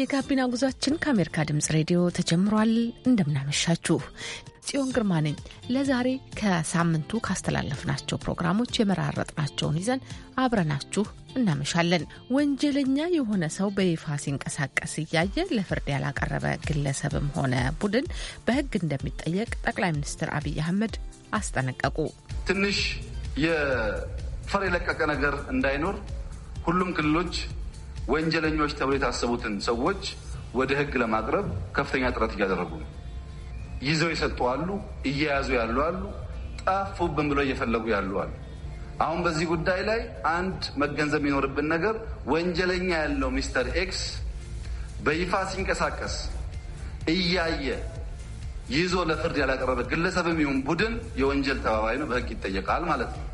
የጋቢና ጉዟችን ከአሜሪካ ድምፅ ሬዲዮ ተጀምሯል። እንደምናመሻችሁ ጽዮን ግርማ ነኝ። ለዛሬ ከሳምንቱ ካስተላለፍናቸው ፕሮግራሞች የመራረጥናቸውን ይዘን አብረናችሁ እናመሻለን። ወንጀለኛ የሆነ ሰው በይፋ ሲንቀሳቀስ እያየ ለፍርድ ያላቀረበ ግለሰብም ሆነ ቡድን በሕግ እንደሚጠየቅ ጠቅላይ ሚኒስትር አብይ አህመድ አስጠነቀቁ። ትንሽ የፈር የለቀቀ ነገር እንዳይኖር ሁሉም ክልሎች ወንጀለኞች ተብሎ የታሰቡትን ሰዎች ወደ ህግ ለማቅረብ ከፍተኛ ጥረት እያደረጉ ነው። ይዘው የሰጡ አሉ፣ እየያዙ ያሉ አሉ፣ ጠፉብን ብለው እየፈለጉ ያሉ አሉ። አሁን በዚህ ጉዳይ ላይ አንድ መገንዘብ የሚኖርብን ነገር ወንጀለኛ ያለው ሚስተር ኤክስ በይፋ ሲንቀሳቀስ እያየ ይዞ ለፍርድ ያላቀረበ ግለሰብ የሚሆን ቡድን የወንጀል ተባባሪ ነው፣ በህግ ይጠየቃል ማለት ነው።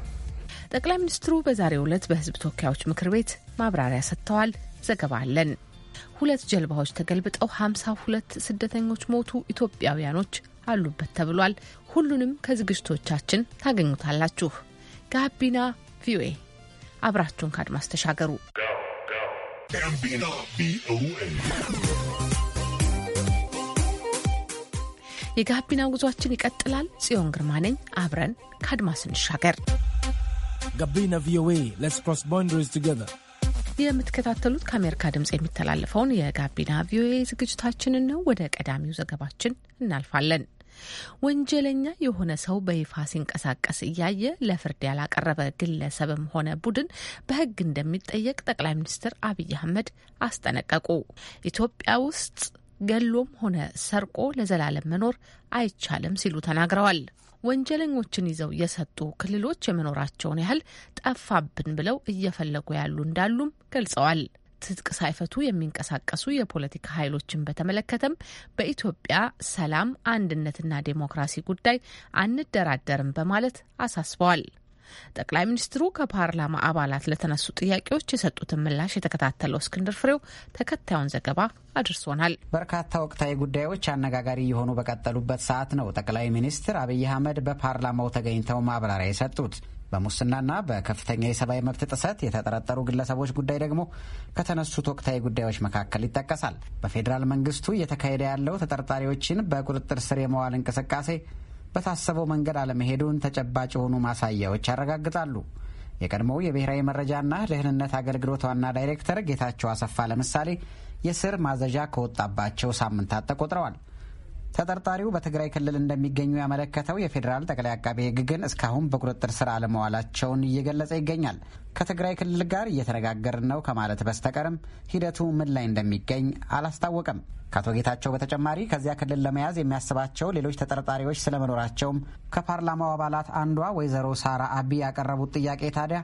ጠቅላይ ሚኒስትሩ በዛሬው ዕለት በህዝብ ተወካዮች ምክር ቤት ማብራሪያ ሰጥተዋል። ዘገባ አለን። ሁለት ጀልባዎች ተገልብጠው ሀምሳ ሁለት ስደተኞች ሞቱ። ኢትዮጵያውያኖች አሉበት ተብሏል። ሁሉንም ከዝግጅቶቻችን ታገኙታላችሁ። ጋቢና ቪኦኤ አብራችሁን ከአድማስ ተሻገሩ። የጋቢና ጉዟችን ይቀጥላል። ጽዮን ግርማ ነኝ። አብረን ከአድማስ እንሻገር። ጋቢና ቪኦኤ ሌትስ ክሮስ ቦንደሪስ ቱጌዘር። የምትከታተሉት ከአሜሪካ ድምጽ የሚተላለፈውን የጋቢና ቪኦኤ ዝግጅታችንን ነው። ወደ ቀዳሚው ዘገባችን እናልፋለን። ወንጀለኛ የሆነ ሰው በይፋ ሲንቀሳቀስ እያየ ለፍርድ ያላቀረበ ግለሰብም ሆነ ቡድን በሕግ እንደሚጠየቅ ጠቅላይ ሚኒስትር አብይ አህመድ አስጠነቀቁ። ኢትዮጵያ ውስጥ ገሎም ሆነ ሰርቆ ለዘላለም መኖር አይቻልም ሲሉ ተናግረዋል። ወንጀለኞችን ይዘው የሰጡ ክልሎች የመኖራቸውን ያህል ጠፋብን ብለው እየፈለጉ ያሉ እንዳሉም ገልጸዋል። ትጥቅ ሳይፈቱ የሚንቀሳቀሱ የፖለቲካ ኃይሎችን በተመለከተም በኢትዮጵያ ሰላም፣ አንድነትና ዴሞክራሲ ጉዳይ አንደራደርም በማለት አሳስበዋል። ጠቅላይ ሚኒስትሩ ከፓርላማ አባላት ለተነሱ ጥያቄዎች የሰጡትን ምላሽ የተከታተለው እስክንድር ፍሬው ተከታዩን ዘገባ አድርሶናል። በርካታ ወቅታዊ ጉዳዮች አነጋጋሪ የሆኑ በቀጠሉበት ሰዓት ነው ጠቅላይ ሚኒስትር አብይ አህመድ በፓርላማው ተገኝተው ማብራሪያ የሰጡት። በሙስናና በከፍተኛ የሰብአዊ መብት ጥሰት የተጠረጠሩ ግለሰቦች ጉዳይ ደግሞ ከተነሱት ወቅታዊ ጉዳዮች መካከል ይጠቀሳል። በፌዴራል መንግስቱ እየተካሄደ ያለው ተጠርጣሪዎችን በቁጥጥር ስር የመዋል እንቅስቃሴ በታሰበው መንገድ አለመሄዱን ተጨባጭ የሆኑ ማሳያዎች ያረጋግጣሉ። የቀድሞው የብሔራዊ መረጃና ደህንነት አገልግሎት ዋና ዳይሬክተር ጌታቸው አሰፋ ለምሳሌ የስር ማዘዣ ከወጣባቸው ሳምንታት ተቆጥረዋል። ተጠርጣሪው በትግራይ ክልል እንደሚገኙ ያመለከተው የፌዴራል ጠቅላይ አቃቤ ሕግ ግን እስካሁን በቁጥጥር ስር አለመዋላቸውን እየገለጸ ይገኛል። ከትግራይ ክልል ጋር እየተነጋገርን ነው ከማለት በስተቀርም ሂደቱ ምን ላይ እንደሚገኝ አላስታወቀም። ከአቶ ጌታቸው በተጨማሪ ከዚያ ክልል ለመያዝ የሚያስባቸው ሌሎች ተጠርጣሪዎች ስለመኖራቸውም ከፓርላማው አባላት አንዷ ወይዘሮ ሳራ አቢ ያቀረቡት ጥያቄ ታዲያ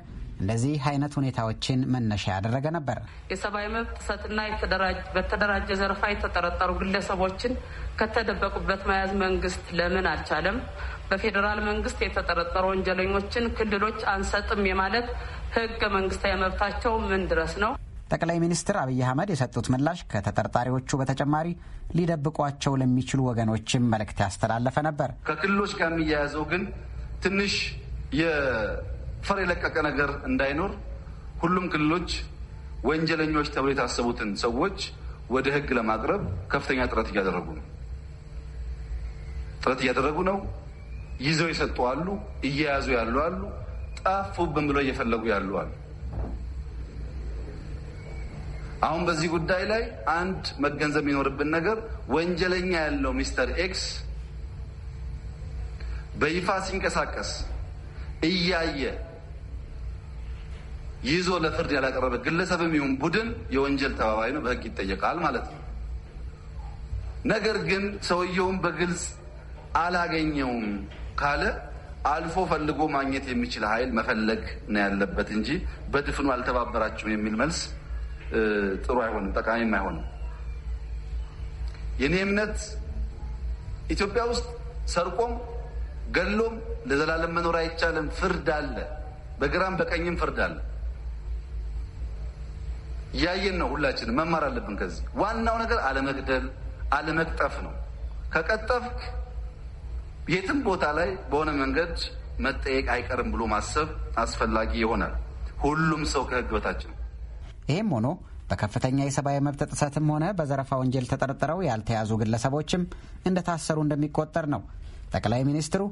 ለዚህ አይነት ሁኔታዎችን መነሻ ያደረገ ነበር። የሰብአዊ መብት ጥሰትና በተደራጀ ዘርፋ የተጠረጠሩ ግለሰቦችን ከተደበቁበት መያዝ መንግስት ለምን አልቻለም? በፌዴራል መንግስት የተጠረጠሩ ወንጀለኞችን ክልሎች አንሰጥም የማለት ህገ መንግስታዊ መብታቸው ምን ድረስ ነው? ጠቅላይ ሚኒስትር አብይ አህመድ የሰጡት ምላሽ ከተጠርጣሪዎቹ በተጨማሪ ሊደብቋቸው ለሚችሉ ወገኖችም መልእክት ያስተላለፈ ነበር። ከክልሎች ጋር የሚያያዘው ግን ትንሽ ፈር የለቀቀ ነገር እንዳይኖር ሁሉም ክልሎች ወንጀለኞች ተብሎ የታሰቡትን ሰዎች ወደ ህግ ለማቅረብ ከፍተኛ ጥረት እያደረጉ ነው ጥረት እያደረጉ ነው። ይዘው የሰጡ አሉ፣ እየያዙ ያሉ አሉ፣ ጠፉብን ብለው እየፈለጉ ያሉ አሉ። አሁን በዚህ ጉዳይ ላይ አንድ መገንዘብ የሚኖርብን ነገር ወንጀለኛ ያለው ሚስተር ኤክስ በይፋ ሲንቀሳቀስ እያየ ይዞ ለፍርድ ያላቀረበ ግለሰብም ይሁን ቡድን የወንጀል ተባባሪ ነው፣ በህግ ይጠየቃል ማለት ነው። ነገር ግን ሰውየውን በግልጽ አላገኘውም ካለ አልፎ ፈልጎ ማግኘት የሚችል ኃይል መፈለግ ነው ያለበት እንጂ በድፍኑ አልተባበራችሁም የሚል መልስ ጥሩ አይሆንም፣ ጠቃሚም አይሆንም። የኔ እምነት ኢትዮጵያ ውስጥ ሰርቆም ገሎም ለዘላለም መኖር አይቻልም። ፍርድ አለ፣ በግራም በቀኝም ፍርድ አለ። እያየን ነው። ሁላችንም መማር አለብን ከዚህ። ዋናው ነገር አለመግደል፣ አለመቅጠፍ ነው። ከቀጠፍክ የትም ቦታ ላይ በሆነ መንገድ መጠየቅ አይቀርም ብሎ ማሰብ አስፈላጊ ይሆናል። ሁሉም ሰው ከህግ በታች ነው። ይህም ሆኖ በከፍተኛ የሰብአዊ መብት ጥሰትም ሆነ በዘረፋ ወንጀል ተጠርጥረው ያልተያዙ ግለሰቦችም እንደታሰሩ እንደሚቆጠር ነው ጠቅላይ ሚኒስትሩ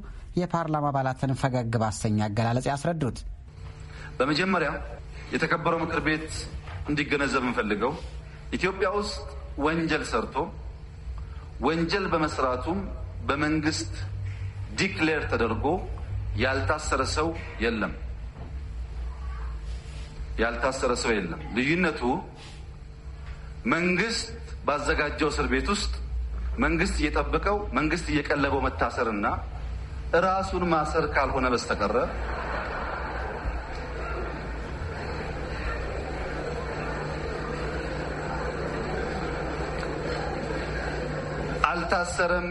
የፓርላማ አባላትን ፈገግ ባሰኝ አገላለጽ ያስረዱት። በመጀመሪያ የተከበረው ምክር ቤት እንዲገነዘብ እንፈልገው ኢትዮጵያ ውስጥ ወንጀል ሰርቶ ወንጀል በመስራቱም በመንግስት ዲክሌር ተደርጎ ያልታሰረ ሰው የለም። ያልታሰረ ሰው የለም። ልዩነቱ መንግስት ባዘጋጀው እስር ቤት ውስጥ መንግስት እየጠበቀው መንግስት እየቀለበው መታሰርና ራሱን ማሰር ካልሆነ በስተቀረ አልታሰረም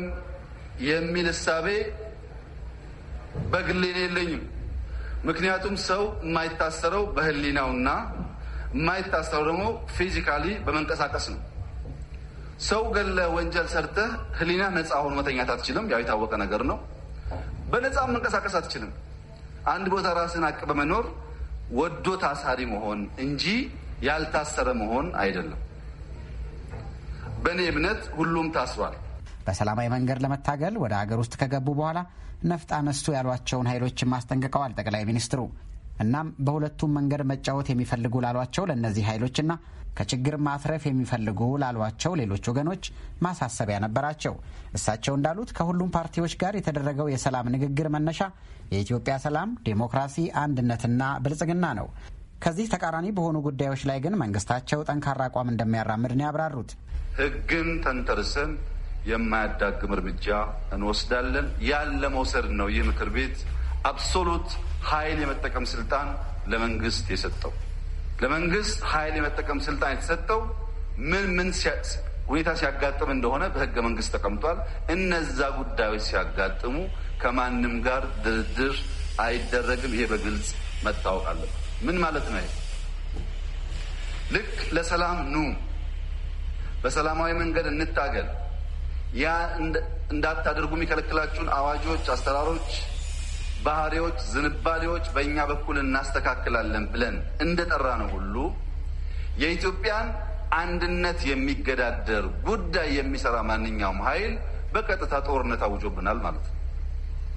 የሚል እሳቤ በግሌ የለኝም። ምክንያቱም ሰው የማይታሰረው በህሊናውና የማይታሰረው ደግሞ ፊዚካሊ በመንቀሳቀስ ነው። ሰው ገለ ወንጀል ሰርተህ ህሊና ነፃ ሆኖ መተኛት አትችልም። ያው የታወቀ ነገር ነው። በነፃ መንቀሳቀስ አትችልም። አንድ ቦታ ራስን አቅ በመኖር ወዶ ታሳሪ መሆን እንጂ ያልታሰረ መሆን አይደለም። በእኔ እምነት ሁሉም ታስሯል። በሰላማዊ መንገድ ለመታገል ወደ አገር ውስጥ ከገቡ በኋላ ነፍጥ አነሱ ያሏቸውን ኃይሎችም አስጠንቅቀዋል ጠቅላይ ሚኒስትሩ። እናም በሁለቱም መንገድ መጫወት የሚፈልጉ ላሏቸው ለእነዚህ ኃይሎችና ከችግር ማትረፍ የሚፈልጉ ላሏቸው ሌሎች ወገኖች ማሳሰቢያ ነበራቸው። እሳቸው እንዳሉት ከሁሉም ፓርቲዎች ጋር የተደረገው የሰላም ንግግር መነሻ የኢትዮጵያ ሰላም፣ ዴሞክራሲ፣ አንድነትና ብልጽግና ነው። ከዚህ ተቃራኒ በሆኑ ጉዳዮች ላይ ግን መንግስታቸው ጠንካራ አቋም እንደሚያራምድ ነው ያብራሩት። ህግን ተንተርሰን የማያዳግም እርምጃ እንወስዳለን። ያን ለመውሰድ ነው ይህ ምክር ቤት አብሶሉት ኃይል የመጠቀም ስልጣን ለመንግስት የሰጠው። ለመንግስት ኃይል የመጠቀም ስልጣን የተሰጠው ምን ምን ሁኔታ ሲያጋጥም እንደሆነ በህገ መንግስት ተቀምጧል። እነዛ ጉዳዮች ሲያጋጥሙ ከማንም ጋር ድርድር አይደረግም። ይሄ በግልጽ መታወቅ አለበት። ምን ማለት ነው? ልክ ለሰላም ኑ፣ በሰላማዊ መንገድ እንታገል ያ እንዳታደርጉ የሚከለክላችሁን አዋጆች፣ አሰራሮች፣ ባህሪዎች፣ ዝንባሌዎች በእኛ በኩል እናስተካክላለን ብለን እንደጠራ ነው ሁሉ የኢትዮጵያን አንድነት የሚገዳደር ጉዳይ የሚሰራ ማንኛውም ኃይል በቀጥታ ጦርነት አውጆብናል ማለት ነው።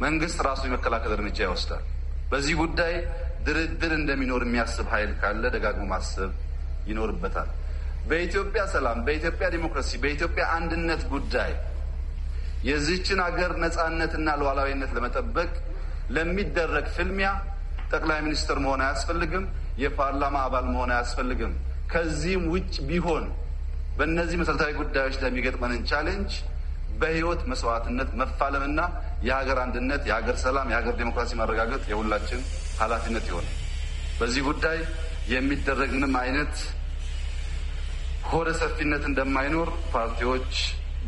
መንግስት ራሱ የመከላከል እርምጃ ይወስዳል። በዚህ ጉዳይ ድርድር እንደሚኖር የሚያስብ ኃይል ካለ ደጋግሞ ማሰብ ይኖርበታል። በኢትዮጵያ ሰላም፣ በኢትዮጵያ ዲሞክራሲ፣ በኢትዮጵያ አንድነት ጉዳይ የዚችን አገር ነጻነትና ሉዓላዊነት ለመጠበቅ ለሚደረግ ፍልሚያ ጠቅላይ ሚኒስትር መሆን አያስፈልግም። የፓርላማ አባል መሆን አያስፈልግም። ከዚህም ውጭ ቢሆን በእነዚህ መሰረታዊ ጉዳዮች ለሚገጥመንን ቻሌንጅ በህይወት መስዋዕትነት መፋለምና የሀገር አንድነት፣ የሀገር ሰላም፣ የሀገር ዴሞክራሲ ማረጋገጥ የሁላችን ኃላፊነት ይሆናል። በዚህ ጉዳይ የሚደረግ ምንም አይነት ሆደ ሰፊነት እንደማይኖር ፓርቲዎች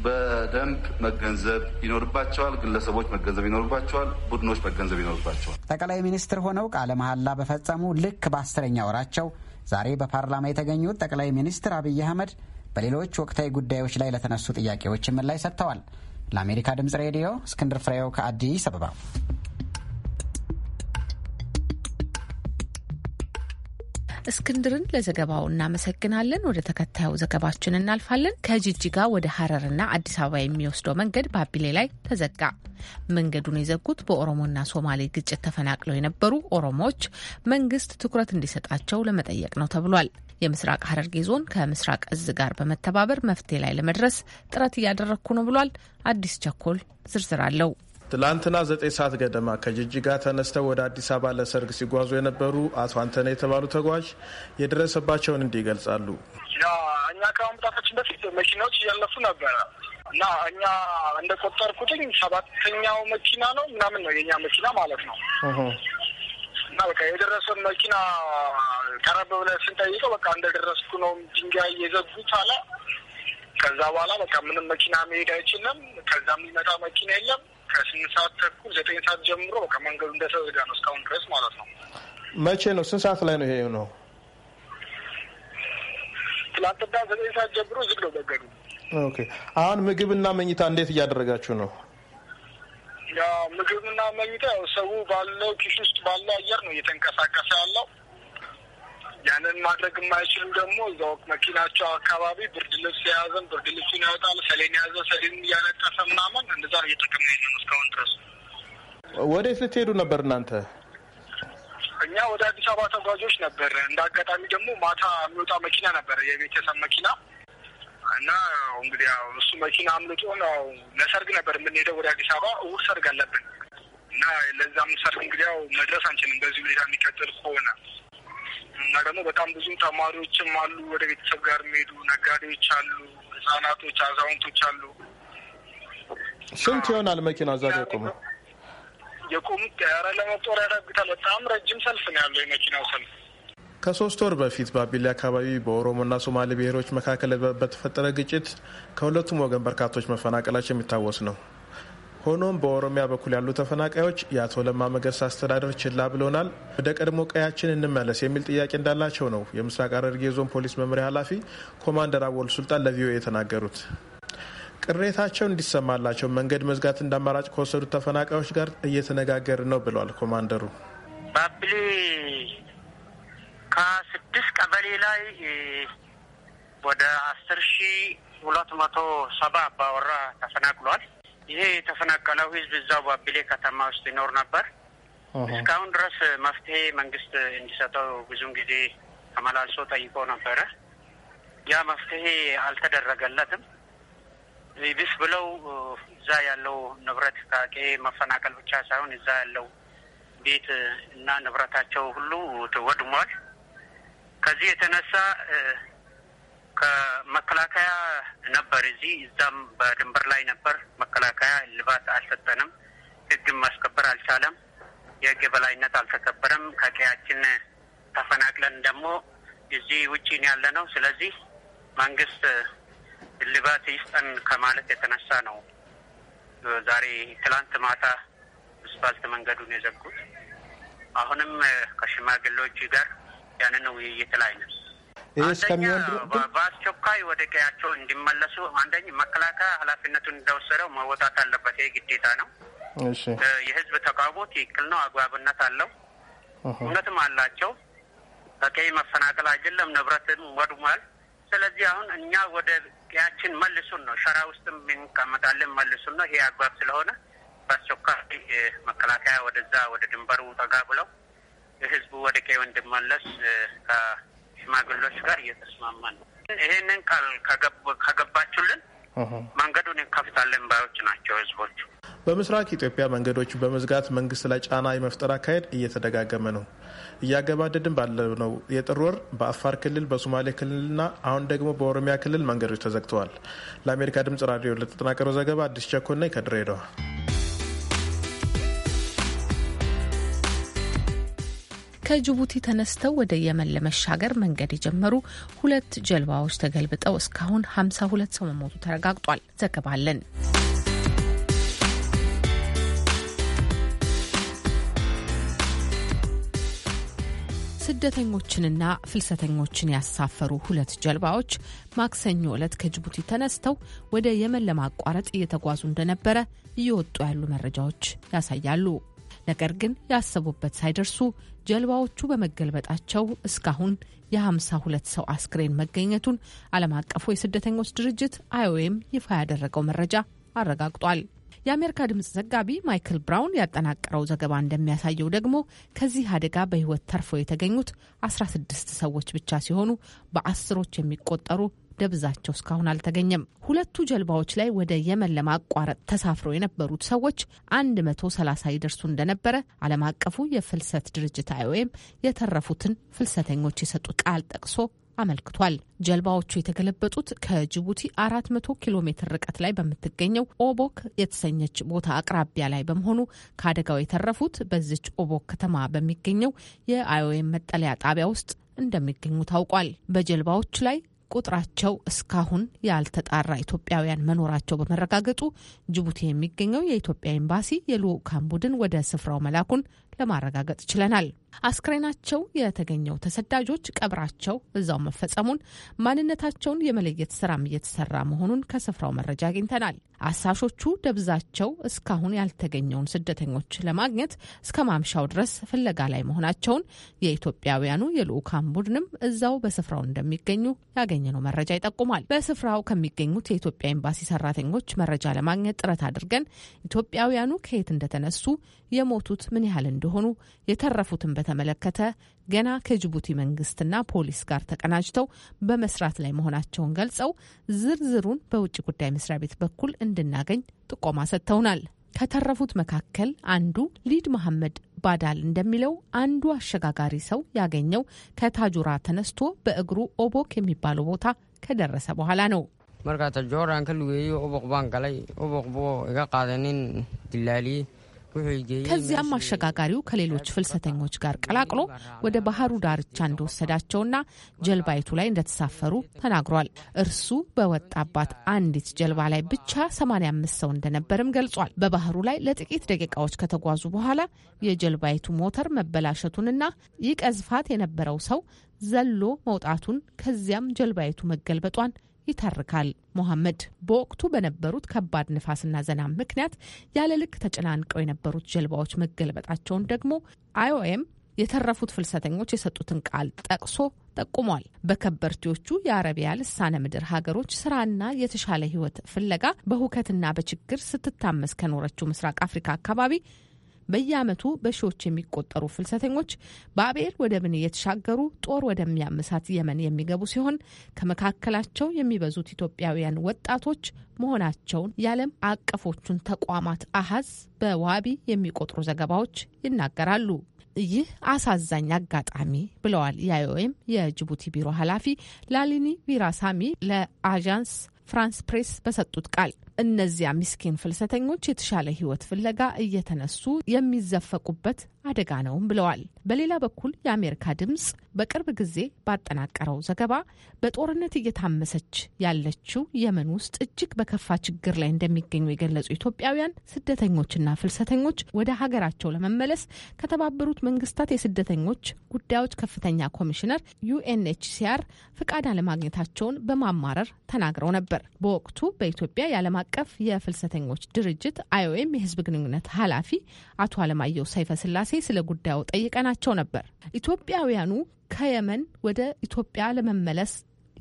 በደንብ መገንዘብ ይኖርባቸዋል። ግለሰቦች መገንዘብ ይኖርባቸዋል። ቡድኖች መገንዘብ ይኖርባቸዋል። ጠቅላይ ሚኒስትር ሆነው ቃለ መሐላ በፈጸሙ ልክ በአስረኛ ወራቸው ዛሬ በፓርላማ የተገኙት ጠቅላይ ሚኒስትር አብይ አህመድ በሌሎች ወቅታዊ ጉዳዮች ላይ ለተነሱ ጥያቄዎች ምላሽ ሰጥተዋል። ለአሜሪካ ድምጽ ሬዲዮ እስክንድር ፍሬው ከአዲስ አበባ እስክንድርን ለዘገባው እናመሰግናለን። ወደ ተከታዩ ዘገባችን እናልፋለን። ከጅጅጋ ወደ ሀረርና አዲስ አበባ የሚወስደው መንገድ ባቢሌ ላይ ተዘጋ። መንገዱን የዘጉት በኦሮሞና ሶማሌ ግጭት ተፈናቅለው የነበሩ ኦሮሞዎች መንግስት ትኩረት እንዲሰጣቸው ለመጠየቅ ነው ተብሏል። የምስራቅ ሀረርጌ ዞን ከምስራቅ እዝ ጋር በመተባበር መፍትሄ ላይ ለመድረስ ጥረት እያደረግኩ ነው ብሏል። አዲስ ቸኮል ዝርዝር አለው። ትላንትና ዘጠኝ ሰዓት ገደማ ከጅጅጋ ተነስተው ወደ አዲስ አበባ ለሰርግ ሲጓዙ የነበሩ አቶ አንተነ የተባሉ ተጓዥ የደረሰባቸውን እንዲህ ይገልጻሉ። እኛ ከመምጣታችን በፊት መኪናዎች እያለፉ ነበረ እና እኛ ቆጠርኩትኝ ሰባተኛው መኪና ነው ምናምን ነው የኛ መኪና ማለት ነው እና በቃ የደረሰን መኪና ቀረብ ብለን ስንጠይቀው በቃ እንደደረስኩ ነው ድንጋይ የዘጉት አለ። ከዛ በኋላ በቃ ምንም መኪና መሄድ አይችልም። ከዛ የሚመጣ መኪና የለም። ከስምንት ሰዓት ተኩል ዘጠኝ ሰዓት ጀምሮ ከመንገዱ እንደተዘጋ ነው እስካሁን ድረስ ማለት ነው። መቼ ነው? ስንት ሰዓት ላይ ነው ይሄ ነው? ትላንትና ዘጠኝ ሰዓት ጀምሮ ዝግ ነው መንገዱ። ኦኬ። አሁን ምግብና መኝታ እንዴት እያደረጋችሁ ነው? ያ ምግብና መኝታ ያው ሰው ባለው ኪሽ ውስጥ ባለው አየር ነው እየተንቀሳቀሰ ያለው ያንን ማድረግ የማይችሉ ደግሞ እዛው መኪናቸው አካባቢ ብርድ ልብስ የያዘን ብርድ ልብስ ያወጣል፣ ሰሌን የያዘ ሰሌን እያነጠፈ ምናምን እንደዛ እየጠቀም ነው እስካሁን ድረስ። ወዴት ልትሄዱ ነበር እናንተ? እኛ ወደ አዲስ አበባ ተጓዦች ነበር። እንደ አጋጣሚ ደግሞ ማታ የሚወጣ መኪና ነበር፣ የቤተሰብ መኪና እና እንግዲህ ያው እሱ መኪና አምልጦ ነው። ለሰርግ ነበር የምንሄደው ወደ አዲስ አበባ፣ እሑድ ሰርግ አለብን እና ለዛም ሰርግ እንግዲህ ያው መድረስ አንችልም በዚህ ሁኔታ የሚቀጥል ከሆነ እና ደግሞ በጣም ብዙ ተማሪዎችም አሉ፣ ወደ ቤተሰብ ጋር የሚሄዱ ነጋዴዎች አሉ፣ ህጻናቶች፣ አዛውንቶች አሉ። ስንት ይሆናል መኪና እዛ ጋር የቆሙት ኧረ ለመጦሪያ ያዳግታል። በጣም ረጅም ሰልፍ ነው ያለው የመኪናው ሰልፍ። ከሶስት ወር በፊት በአቢሌ አካባቢ በኦሮሞና ሶማሌ ብሔሮች መካከል በተፈጠረ ግጭት ከሁለቱም ወገን በርካቶች መፈናቀላቸው የሚታወስ ነው። ሆኖም በኦሮሚያ በኩል ያሉ ተፈናቃዮች የአቶ ለማ መገርሳ አስተዳደር ችላ ብሎናል፣ ወደ ቀድሞ ቀያችን እንመለስ የሚል ጥያቄ እንዳላቸው ነው የምስራቅ ሐረርጌ ዞን ፖሊስ መምሪያ ኃላፊ ኮማንደር አወል ሱልጣን ለቪኦኤ የተናገሩት። ቅሬታቸው እንዲሰማላቸው መንገድ መዝጋት እንዳማራጭ ከወሰዱት ተፈናቃዮች ጋር እየተነጋገር ነው ብለዋል ኮማንደሩ። ባብሌ ከስድስት ቀበሌ ላይ ወደ አስር ሺ ሁለት መቶ ሰባ አባወራ ተፈናቅሏል። ይሄ የተፈናቀለው ህዝብ እዛው ባቢሌ ከተማ ውስጥ ይኖር ነበር። እስካሁን ድረስ መፍትሄ መንግስት እንዲሰጠው ብዙም ጊዜ ተመላልሶ ጠይቆ ነበረ። ያ መፍትሄ አልተደረገለትም። ቢስ ብለው እዛ ያለው ንብረት ካቄ መፈናቀል ብቻ ሳይሆን እዛ ያለው ቤት እና ንብረታቸው ሁሉ ወድሟል። ከዚህ የተነሳ ከመከላከያ ነበር እዚህ እዛም በድንበር ላይ ነበር። መከላከያ እልባት አልሰጠንም። ህግም ማስከበር አልቻለም። የህግ የበላይነት አልተከበረም። ከቀያችን ተፈናቅለን ደግሞ እዚህ ውጭን ያለ ነው። ስለዚህ መንግስት እልባት ይስጠን ከማለት የተነሳ ነው ዛሬ ትላንት ማታ አስፋልት መንገዱን የዘጉት። አሁንም ከሽማግሌዎች ጋር ያንን ውይይት ላይ ነው። በአስቸኳይ ወደ ቀያቸው እንዲመለሱ አንደኝ መከላከያ ኃላፊነቱን እንደወሰደው መወጣት አለበት። ይህ ግዴታ ነው። የህዝብ ተቃውሞ ትክክል ነው፣ አግባብነት አለው፣ እውነትም አላቸው። ከቀይ መፈናቀል አይደለም ንብረትም ወድሟል። ስለዚህ አሁን እኛ ወደ ቀያችን መልሱን ነው፣ ሸራ ውስጥም እንቀመጣለን መልሱን ነው። ይሄ አግባብ ስለሆነ በአስቸኳይ መከላከያ ወደዛ ወደ ድንበሩ ጠጋ ብለው ህዝቡ ወደ ቀይ እንዲመለስ ሽማግሎች ጋር እየተስማማ ነው። ይሄንን ቃል ከገባችሁልን መንገዱን እንከፍታለን ባዮች ናቸው ህዝቦቹ። በምስራቅ ኢትዮጵያ መንገዶች በመዝጋት መንግስት ላይ ጫና የመፍጠር አካሄድ እየተደጋገመ ነው። እያገባደድን ባለው ነው የጥር ወር በአፋር ክልል፣ በሶማሌ ክልልና አሁን ደግሞ በኦሮሚያ ክልል መንገዶች ተዘግተዋል። ለአሜሪካ ድምጽ ራዲዮ ለተጠናቀረው ዘገባ አዲስ ቸኮናይ ከድሬዳዋ ከጅቡቲ ተነስተው ወደ የመን ለመሻገር መንገድ የጀመሩ ሁለት ጀልባዎች ተገልብጠው እስካሁን 52 ሰው መሞቱ ተረጋግጧል። ዘገባ ስደተኞችንና ፍልሰተኞችን ያሳፈሩ ሁለት ጀልባዎች ማክሰኞ ዕለት ከጅቡቲ ተነስተው ወደ የመን ለማቋረጥ እየተጓዙ እንደነበረ እየወጡ ያሉ መረጃዎች ያሳያሉ። ነገር ግን ያሰቡበት ሳይደርሱ ጀልባዎቹ በመገልበጣቸው እስካሁን የ52 ሰው አስክሬን መገኘቱን ዓለም አቀፉ የስደተኞች ድርጅት አይኦኤም ይፋ ያደረገው መረጃ አረጋግጧል። የአሜሪካ ድምፅ ዘጋቢ ማይክል ብራውን ያጠናቀረው ዘገባ እንደሚያሳየው ደግሞ ከዚህ አደጋ በሕይወት ተርፈው የተገኙት 16 ሰዎች ብቻ ሲሆኑ በአስሮች የሚቆጠሩ ደብዛቸው እስካሁን አልተገኘም። ሁለቱ ጀልባዎች ላይ ወደ የመን ለማቋረጥ ተሳፍረው የነበሩት ሰዎች 130 ይደርሱ እንደነበረ ዓለም አቀፉ የፍልሰት ድርጅት አይኦኤም የተረፉትን ፍልሰተኞች የሰጡት ቃል ጠቅሶ አመልክቷል። ጀልባዎቹ የተገለበጡት ከጅቡቲ 400 ኪሎ ሜትር ርቀት ላይ በምትገኘው ኦቦክ የተሰኘች ቦታ አቅራቢያ ላይ በመሆኑ ከአደጋው የተረፉት በዚች ኦቦክ ከተማ በሚገኘው የአይኦኤም መጠለያ ጣቢያ ውስጥ እንደሚገኙ ታውቋል። በጀልባዎች ላይ ቁጥራቸው እስካሁን ያልተጣራ ኢትዮጵያውያን መኖራቸው በመረጋገጡ ጅቡቲ የሚገኘው የኢትዮጵያ ኤምባሲ የልኡካን ቡድን ወደ ስፍራው መላኩን ለማረጋገጥ ችለናል። አስክሬናቸው የተገኘው ተሰዳጆች ቀብራቸው እዛው መፈጸሙን፣ ማንነታቸውን የመለየት ስራም እየተሰራ መሆኑን ከስፍራው መረጃ አግኝተናል። አሳሾቹ ደብዛቸው እስካሁን ያልተገኘውን ስደተኞች ለማግኘት እስከ ማምሻው ድረስ ፍለጋ ላይ መሆናቸውን፣ የኢትዮጵያውያኑ የልዑካን ቡድንም እዛው በስፍራው እንደሚገኙ ያገኘነው መረጃ ይጠቁማል። በስፍራው ከሚገኙት የኢትዮጵያ ኤምባሲ ሰራተኞች መረጃ ለማግኘት ጥረት አድርገን ኢትዮጵያውያኑ ከየት እንደተነሱ የሞቱት ምን ያህል እንደሆኑ የተረፉትን በተመለከተ ገና ከጅቡቲ መንግስትና ፖሊስ ጋር ተቀናጅተው በመስራት ላይ መሆናቸውን ገልጸው ዝርዝሩን በውጭ ጉዳይ መስሪያ ቤት በኩል እንድናገኝ ጥቆማ ሰጥተውናል። ከተረፉት መካከል አንዱ ሊድ መሐመድ ባዳል እንደሚለው አንዱ አሸጋጋሪ ሰው ያገኘው ከታጁራ ተነስቶ በእግሩ ኦቦክ የሚባለው ቦታ ከደረሰ በኋላ ነው። መርካተ ጆራን ከልዌዩ ኦቦቅ ባንቀላይ ኦቦክ ቦ እጋ ቃደኒን ከዚያም አሸጋጋሪው ከሌሎች ፍልሰተኞች ጋር ቀላቅሎ ወደ ባህሩ ዳርቻ እንደወሰዳቸውና ጀልባይቱ ላይ እንደተሳፈሩ ተናግሯል። እርሱ በወጣባት አንዲት ጀልባ ላይ ብቻ 85 ሰው እንደነበርም ገልጿል። በባህሩ ላይ ለጥቂት ደቂቃዎች ከተጓዙ በኋላ የጀልባይቱ ሞተር መበላሸቱንና ይቀዝፋት የነበረው ሰው ዘሎ መውጣቱን ከዚያም ጀልባይቱ መገልበጧን ይተርካል። ሞሐመድ በወቅቱ በነበሩት ከባድ ንፋስና ዘናም ምክንያት ያለ ልክ ተጨናንቀው የነበሩት ጀልባዎች መገልበጣቸውን ደግሞ አይኦኤም የተረፉት ፍልሰተኞች የሰጡትን ቃል ጠቅሶ ጠቁሟል። በከበርቴዎቹ የአረቢያ ልሳነ ምድር ሀገሮች ስራና የተሻለ ህይወት ፍለጋ በሁከትና በችግር ስትታመስ ከኖረችው ምስራቅ አፍሪካ አካባቢ በየዓመቱ በሺዎች የሚቆጠሩ ፍልሰተኞች በአብኤል ወደብን እየተሻገሩ ጦር ወደሚያመሳት የመን የሚገቡ ሲሆን ከመካከላቸው የሚበዙት ኢትዮጵያውያን ወጣቶች መሆናቸውን የዓለም አቀፎቹን ተቋማት አሀዝ በዋቢ የሚቆጥሩ ዘገባዎች ይናገራሉ። ይህ አሳዛኝ አጋጣሚ ብለዋል የአይኦኤም የጅቡቲ ቢሮ ኃላፊ ላሊኒ ቪራሳሚ ለአዣንስ ፍራንስ ፕሬስ በሰጡት ቃል እነዚያ ምስኪን ፍልሰተኞች የተሻለ ሕይወት ፍለጋ እየተነሱ የሚዘፈቁበት አደጋ ነውም ብለዋል። በሌላ በኩል የአሜሪካ ድምፅ በቅርብ ጊዜ ባጠናቀረው ዘገባ በጦርነት እየታመሰች ያለችው የመን ውስጥ እጅግ በከፋ ችግር ላይ እንደሚገኙ የገለጹ ኢትዮጵያውያን ስደተኞችና ፍልሰተኞች ወደ ሀገራቸው ለመመለስ ከተባበሩት መንግስታት የስደተኞች ጉዳዮች ከፍተኛ ኮሚሽነር ዩኤንኤችሲአር ፍቃድ አለማግኘታቸውን በማማረር ተናግረው ነበር። በወቅቱ በኢትዮጵያ የዓለም አቀፍ የፍልሰተኞች ድርጅት አይኦኤም የህዝብ ግንኙነት ኃላፊ አቶ አለማየሁ ሰይፈስላሴ ስለ ጉዳዩ ጠይቀናቸው ነበር። ኢትዮጵያውያኑ ከየመን ወደ ኢትዮጵያ ለመመለስ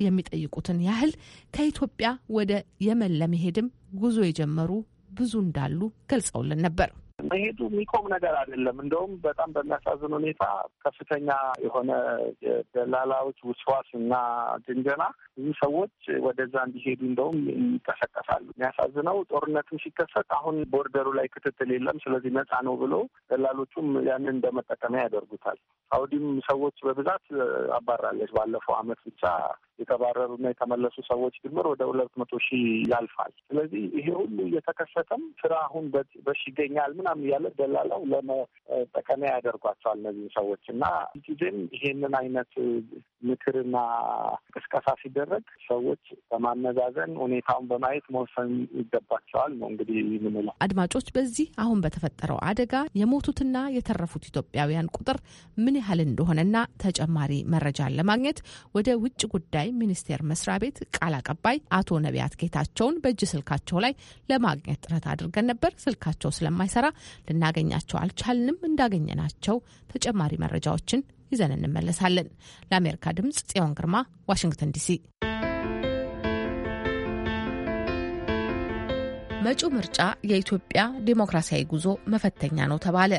የሚጠይቁትን ያህል ከኢትዮጵያ ወደ የመን ለመሄድም ጉዞ የጀመሩ ብዙ እንዳሉ ገልጸውልን ነበር። መሄዱ የሚቆም ነገር አይደለም። እንደውም በጣም በሚያሳዝን ሁኔታ ከፍተኛ የሆነ ደላላዎች ውስዋስ እና ድንገና ብዙ ሰዎች ወደዛ እንዲሄዱ እንደውም ይቀሰቀሳሉ። የሚያሳዝነው ጦርነትም ሲከሰት አሁን ቦርደሩ ላይ ክትትል የለም፣ ስለዚህ ነፃ ነው ብሎ ደላሎቹም ያንን እንደመጠቀሚያ ያደርጉታል። ሳውዲም ሰዎች በብዛት አባራለች። ባለፈው አመት ብቻ የተባረሩና የተመለሱ ሰዎች ድምር ወደ ሁለት መቶ ሺህ ያልፋል። ስለዚህ ይሄ ሁሉ እየተከሰተም ስራ አሁን በሺ ይገኛል ምናምን እያለ ደላላው ለመጠቀሚያ ያደርጓቸዋል እነዚህ ሰዎች እና ጊዜም ይሄንን አይነት ምክርና ቅስቀሳ ሲደረግ ሰዎች በማመዛዘን ሁኔታውን በማየት መወሰን ይገባቸዋል ነው እንግዲህ የምንለው። አድማጮች፣ በዚህ አሁን በተፈጠረው አደጋ የሞቱትና የተረፉት ኢትዮጵያውያን ቁጥር ምን ያህል እንደሆነና ተጨማሪ መረጃን ለማግኘት ወደ ውጭ ጉዳይ ጉዳይ ሚኒስቴር መስሪያ ቤት ቃል አቀባይ አቶ ነቢያት ጌታቸውን በእጅ ስልካቸው ላይ ለማግኘት ጥረት አድርገን ነበር። ስልካቸው ስለማይሰራ ልናገኛቸው አልቻልንም። እንዳገኘናቸው ተጨማሪ መረጃዎችን ይዘን እንመለሳለን። ለአሜሪካ ድምጽ ጽዮን ግርማ ዋሽንግተን ዲሲ። መጪው ምርጫ የኢትዮጵያ ዴሞክራሲያዊ ጉዞ መፈተኛ ነው ተባለ።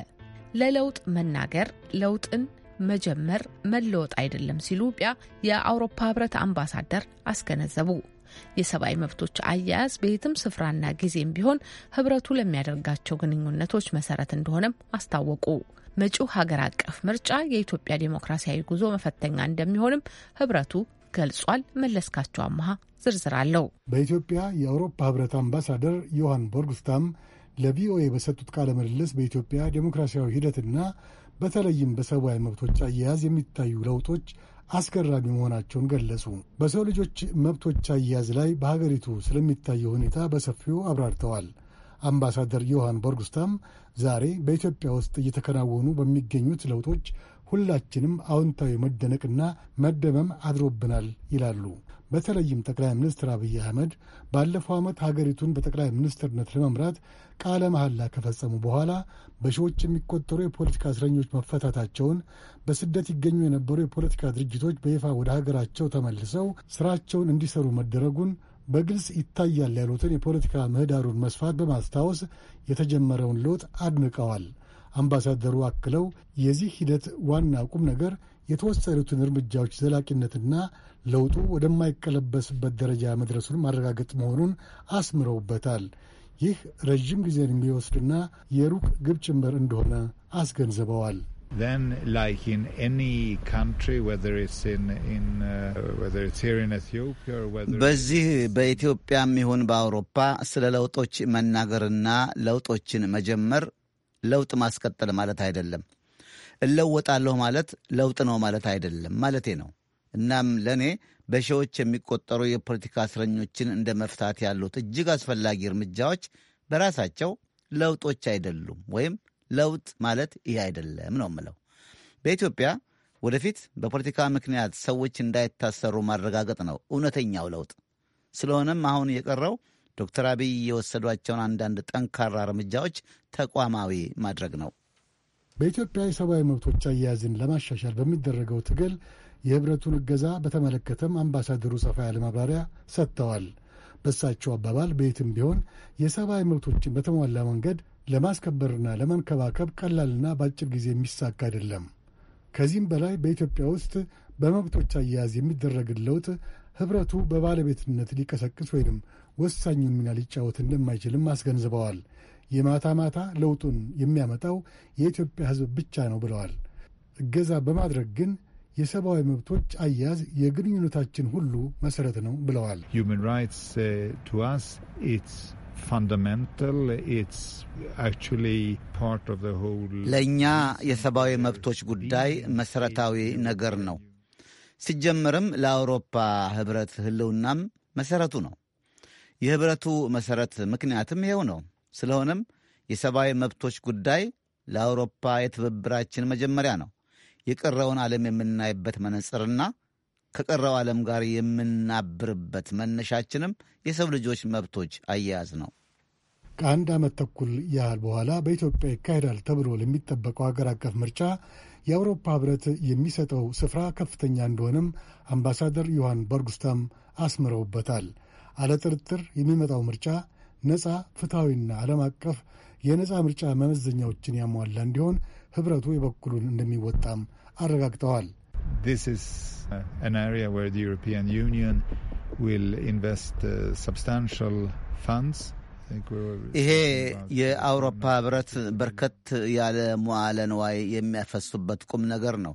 ለለውጥ መናገር ለውጥን መጀመር መለወጥ አይደለም ሲሉ ቢያ የአውሮፓ ህብረት አምባሳደር አስገነዘቡ። የሰብአዊ መብቶች አያያዝ በየትም ስፍራና ጊዜም ቢሆን ህብረቱ ለሚያደርጋቸው ግንኙነቶች መሰረት እንደሆነም አስታወቁ። መጪው ሀገር አቀፍ ምርጫ የኢትዮጵያ ዴሞክራሲያዊ ጉዞ መፈተኛ እንደሚሆንም ህብረቱ ገልጿል። መለስካቸው አመሃ ዝርዝር አለው። በኢትዮጵያ የአውሮፓ ህብረት አምባሳደር ዮሐን ቦርግስታም ለቪኦኤ በሰጡት ቃለ ምልልስ በኢትዮጵያ ዴሞክራሲያዊ ሂደትና በተለይም በሰብአዊ መብቶች አያያዝ የሚታዩ ለውጦች አስገራሚ መሆናቸውን ገለጹ። በሰው ልጆች መብቶች አያያዝ ላይ በሀገሪቱ ስለሚታየው ሁኔታ በሰፊው አብራርተዋል። አምባሳደር ዮሐን ቦርግስታም ዛሬ በኢትዮጵያ ውስጥ እየተከናወኑ በሚገኙት ለውጦች ሁላችንም አዎንታዊ መደነቅና መደመም አድሮብናል ይላሉ። በተለይም ጠቅላይ ሚኒስትር አብይ አህመድ ባለፈው ዓመት ሀገሪቱን በጠቅላይ ሚኒስትርነት ለመምራት ቃለ መሐላ ከፈጸሙ በኋላ በሺዎች የሚቆጠሩ የፖለቲካ እስረኞች መፈታታቸውን፣ በስደት ይገኙ የነበሩ የፖለቲካ ድርጅቶች በይፋ ወደ ሀገራቸው ተመልሰው ስራቸውን እንዲሰሩ መደረጉን በግልጽ ይታያል ያሉትን የፖለቲካ ምህዳሩን መስፋት በማስታወስ የተጀመረውን ለውጥ አድንቀዋል። አምባሳደሩ አክለው የዚህ ሂደት ዋና ቁም ነገር የተወሰዱትን እርምጃዎች ዘላቂነትና ለውጡ ወደማይቀለበስበት ደረጃ መድረሱን ማረጋገጥ መሆኑን አስምረውበታል። ይህ ረዥም ጊዜን የሚወስድና የሩቅ ግብ ጭምር እንደሆነ አስገንዝበዋል። በዚህ በኢትዮጵያም ይሁን በአውሮፓ ስለ ለውጦች መናገርና ለውጦችን መጀመር ለውጥ ማስቀጠል ማለት አይደለም። እለወጣለሁ ማለት ለውጥ ነው ማለት አይደለም ማለቴ ነው። እናም ለእኔ በሺዎች የሚቆጠሩ የፖለቲካ እስረኞችን እንደ መፍታት ያሉት እጅግ አስፈላጊ እርምጃዎች በራሳቸው ለውጦች አይደሉም፣ ወይም ለውጥ ማለት ይህ አይደለም ነው ምለው። በኢትዮጵያ ወደፊት በፖለቲካ ምክንያት ሰዎች እንዳይታሰሩ ማረጋገጥ ነው እውነተኛው ለውጥ። ስለሆነም አሁን የቀረው ዶክተር አብይ የወሰዷቸውን አንዳንድ ጠንካራ እርምጃዎች ተቋማዊ ማድረግ ነው። በኢትዮጵያ የሰብአዊ መብቶች አያያዝን ለማሻሻል በሚደረገው ትግል የህብረቱን እገዛ በተመለከተም አምባሳደሩ ሰፋ ያለ ማብራሪያ ሰጥተዋል። በሳቸው አባባል በየትም ቢሆን የሰብአዊ መብቶችን በተሟላ መንገድ ለማስከበርና ለመንከባከብ ቀላልና በአጭር ጊዜ የሚሳካ አይደለም። ከዚህም በላይ በኢትዮጵያ ውስጥ በመብቶች አያያዝ የሚደረግን ለውጥ ህብረቱ በባለቤትነት ሊቀሰቅስ ወይንም ወሳኙን ሚና ሊጫወት እንደማይችልም አስገንዝበዋል። የማታ ማታ ለውጡን የሚያመጣው የኢትዮጵያ ህዝብ ብቻ ነው ብለዋል። እገዛ በማድረግ ግን የሰብአዊ መብቶች አያያዝ የግንኙነታችን ሁሉ መሰረት ነው ብለዋል። ሁማን ራይትስ ቱ አስ ኢትስ ለእኛ የሰብአዊ መብቶች ጉዳይ መሰረታዊ ነገር ነው። ሲጀመርም ለአውሮፓ ህብረት ህልውናም መሰረቱ ነው። የህብረቱ መሰረት ምክንያትም ይኸው ነው። ስለሆነም የሰብአዊ መብቶች ጉዳይ ለአውሮፓ የትብብራችን መጀመሪያ ነው። የቀረውን ዓለም የምናይበት መነጽርና ከቀረው ዓለም ጋር የምናብርበት መነሻችንም የሰው ልጆች መብቶች አያያዝ ነው። ከአንድ ዓመት ተኩል ያህል በኋላ በኢትዮጵያ ይካሄዳል ተብሎ ለሚጠበቀው ሀገር አቀፍ ምርጫ የአውሮፓ ህብረት የሚሰጠው ስፍራ ከፍተኛ እንደሆነም አምባሳደር ዮሐን በርጉስታም አስምረውበታል። አለጥርጥር የሚመጣው ምርጫ ነፃ ፍትሐዊና ዓለም አቀፍ የነፃ ምርጫ መመዘኛዎችን ያሟላ እንዲሆን ህብረቱ የበኩሉን እንደሚወጣም አረጋግጠዋል። ዩሮፒያን ዩኒየን ዊል ኢንቨስት ሰብስታንሻል ፋንድስ ይሄ የአውሮፓ ህብረት በርከት ያለ መዋለ ንዋይ የሚያፈሱበት ቁም ነገር ነው።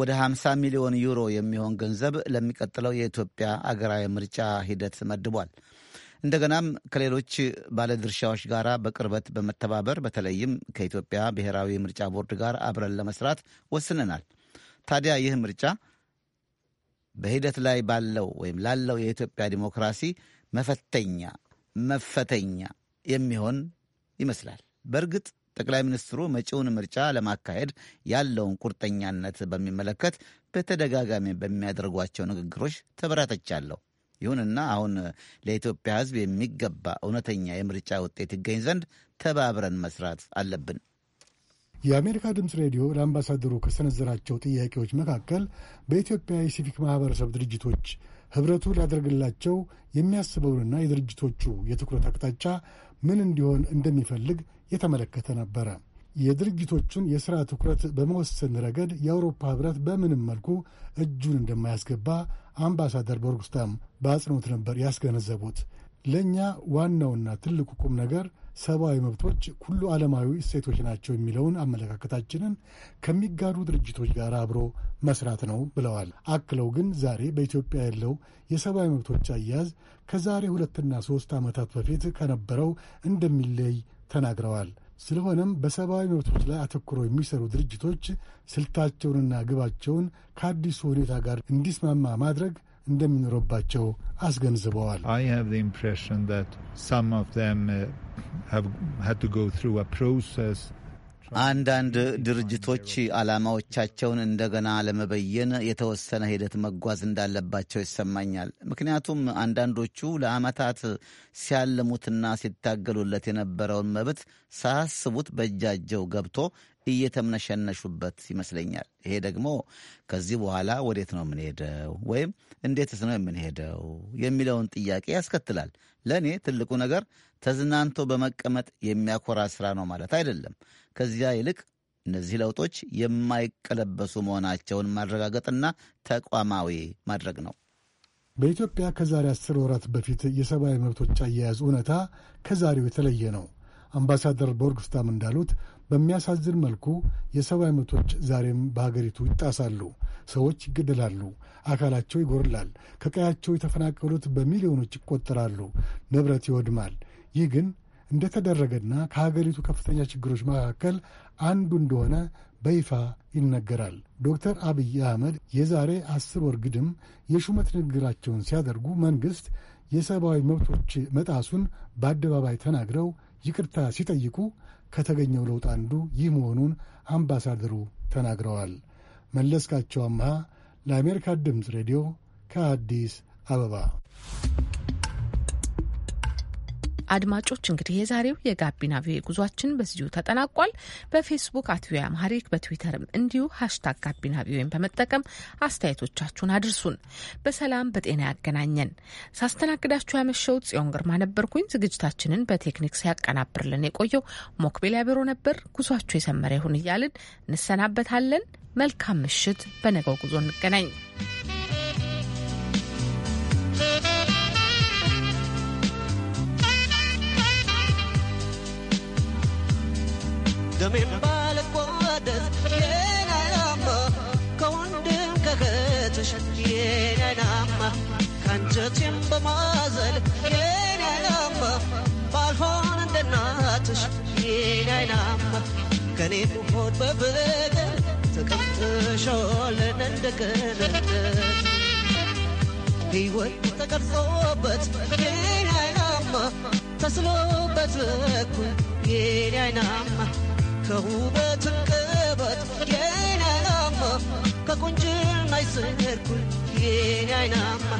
ወደ 50 ሚሊዮን ዩሮ የሚሆን ገንዘብ ለሚቀጥለው የኢትዮጵያ አገራዊ ምርጫ ሂደት መድቧል። እንደገናም ከሌሎች ባለድርሻዎች ጋር በቅርበት በመተባበር በተለይም ከኢትዮጵያ ብሔራዊ ምርጫ ቦርድ ጋር አብረን ለመስራት ወስነናል። ታዲያ ይህ ምርጫ በሂደት ላይ ባለው ወይም ላለው የኢትዮጵያ ዲሞክራሲ መፈተኛ መፈተኛ የሚሆን ይመስላል። በእርግጥ ጠቅላይ ሚኒስትሩ መጪውን ምርጫ ለማካሄድ ያለውን ቁርጠኛነት በሚመለከት በተደጋጋሚ በሚያደርጓቸው ንግግሮች ተበራተቻለሁ። ይሁንና አሁን ለኢትዮጵያ ሕዝብ የሚገባ እውነተኛ የምርጫ ውጤት ይገኝ ዘንድ ተባብረን መስራት አለብን። የአሜሪካ ድምፅ ሬዲዮ ለአምባሳደሩ ከሰነዘራቸው ጥያቄዎች መካከል በኢትዮጵያ የሲቪክ ማህበረሰብ ድርጅቶች ህብረቱ ሊያደርግላቸው የሚያስበውንና የድርጅቶቹ የትኩረት አቅጣጫ ምን እንዲሆን እንደሚፈልግ የተመለከተ ነበረ። የድርጅቶቹን የሥራ ትኩረት በመወሰን ረገድ የአውሮፓ ህብረት በምንም መልኩ እጁን እንደማያስገባ አምባሳደር ቦርግስታም በአጽንኦት ነበር ያስገነዘቡት። ለእኛ ዋናውና ትልቁ ቁም ነገር ሰብአዊ መብቶች ሁሉ ዓለማዊ እሴቶች ናቸው የሚለውን አመለካከታችንን ከሚጋሩ ድርጅቶች ጋር አብሮ መስራት ነው ብለዋል። አክለው ግን ዛሬ በኢትዮጵያ ያለው የሰብአዊ መብቶች አያያዝ ከዛሬ ሁለትና ሶስት ዓመታት በፊት ከነበረው እንደሚለይ ተናግረዋል። ስለሆነም በሰብአዊ መብቶች ላይ አተኩረው የሚሰሩ ድርጅቶች ስልታቸውንና ግባቸውን ከአዲሱ ሁኔታ ጋር እንዲስማማ ማድረግ እንደሚኖርባቸው አስገንዝበዋል። uh, አንዳንድ ድርጅቶች ዓላማዎቻቸውን እንደገና ለመበየን የተወሰነ ሂደት መጓዝ እንዳለባቸው ይሰማኛል። ምክንያቱም አንዳንዶቹ ለዓመታት ሲያለሙትና ሲታገሉለት የነበረውን መብት ሳያስቡት በእጃቸው ገብቶ እየተምነሸነሹበት ይመስለኛል። ይሄ ደግሞ ከዚህ በኋላ ወዴት ነው የምንሄደው ወይም እንዴትስ ነው የምንሄደው የሚለውን ጥያቄ ያስከትላል። ለእኔ ትልቁ ነገር ተዝናንቶ በመቀመጥ የሚያኮራ ስራ ነው ማለት አይደለም። ከዚያ ይልቅ እነዚህ ለውጦች የማይቀለበሱ መሆናቸውን ማረጋገጥና ተቋማዊ ማድረግ ነው። በኢትዮጵያ ከዛሬ አስር ወራት በፊት የሰብአዊ መብቶች አያያዝ እውነታ ከዛሬው የተለየ ነው። አምባሳደር ቦርግስታም እንዳሉት በሚያሳዝን መልኩ የሰብአዊ መብቶች ዛሬም በሀገሪቱ ይጣሳሉ። ሰዎች ይገደላሉ፣ አካላቸው ይጎርላል፣ ከቀያቸው የተፈናቀሉት በሚሊዮኖች ይቆጠራሉ፣ ንብረት ይወድማል። ይህ ግን እንደተደረገና ከሀገሪቱ ከፍተኛ ችግሮች መካከል አንዱ እንደሆነ በይፋ ይነገራል። ዶክተር አብይ አህመድ የዛሬ አስር ወር ግድም የሹመት ንግግራቸውን ሲያደርጉ መንግሥት የሰብአዊ መብቶች መጣሱን በአደባባይ ተናግረው ይቅርታ ሲጠይቁ ከተገኘው ለውጥ አንዱ ይህ መሆኑን አምባሳደሩ ተናግረዋል። መለስካቸው አምሃ ለአሜሪካ ድምፅ ሬዲዮ ከአዲስ አበባ አድማጮች እንግዲህ የዛሬው የጋቢና ቪኦኤ ጉዟችን በዚሁ ተጠናቋል። በፌስቡክ አት ቪኦኤ አማሪክ በትዊተርም እንዲሁ ሀሽታግ ጋቢና ቪኦኤን በመጠቀም አስተያየቶቻችሁን አድርሱን። በሰላም በጤና ያገናኘን። ሳስተናግዳችሁ ያመሸውት ጽዮን ግርማ ነበርኩኝ። ዝግጅታችንን በቴክኒክ ሲያቀናብርልን የቆየው ሞክቤል ያብሮ ነበር። ጉዟችሁ የሰመረ ይሁን እያልን እንሰናበታለን። መልካም ምሽት። በነገው ጉዞ እንገናኝ። ደሜን ባለቆደስ የናናማ ከወንድም ከገትሽ የናናማ ከአንጀቴም በማዘል የናናማ ባልሆን እንደናትሽ የናናማ ከኔ ሆድ በፍቅር ተቀምጥሾልን እንደገነት ሕይወት ተቀርጾበት የናናማ ተስሎበት እኩል የናናማ ከውበት ቅበት የኔናማ ከቁንጅና አይስርኩል የኔናማ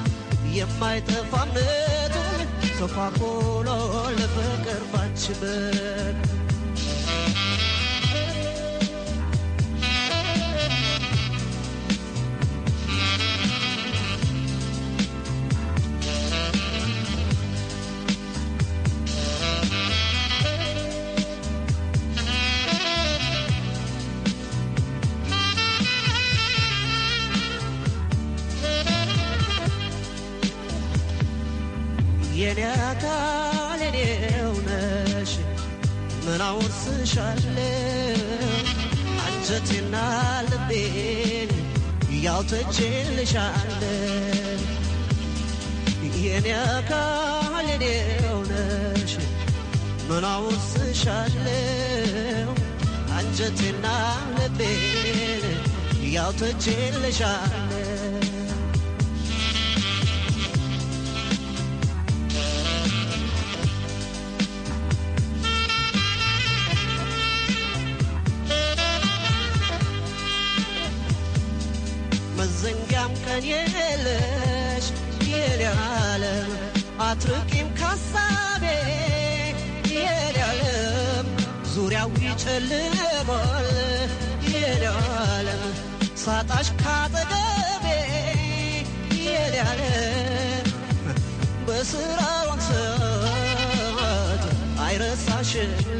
የማይጠፋ እምነቱ ሰፋ ብሎ ለፍቅር ባንች ያቃል የኔው ነሽ ምን አወርስሻለሁ አንጀቴና ልቤን ያውተቼልሻለሁ የኔ ያቃል የኔው ነሽ ምን አወርስሻለሁ አንጀቴና ልቤን ያውተቼልሻለሁ የለሽ የኔ ዓለም አትርቂም ካሳቤ የኔ ዓለም ዙሪያው ይጨልማል የኔ ዓለም ሳጣሽ ካጠገቤ የኔ ዓለም በስራው ሰዓት አይረሳሽ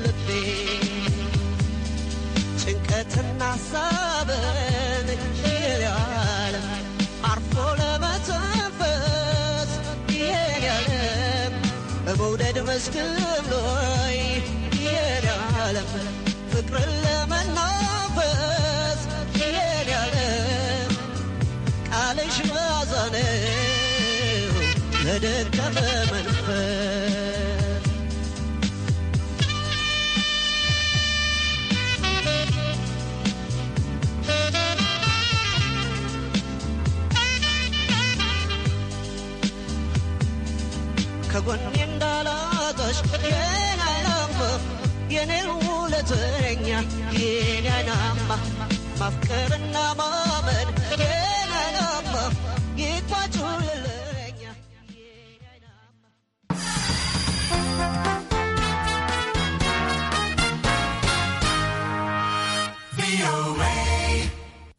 ልቤ ጭንቀትና ሳበን በመውደድ መስክም ኖይ የኔ ዓለም ፍቅርን ለመናፈስ የኔ ዓለም ቃልሽ ማዛነው ለደከመ መንፈስ One. እንዳላጣሽ የኔ የኔ የኔ አይናማ ማፍቀርና ማመን የኔ አይናማ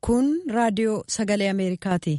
Kun radio sagalee Ameerikaati.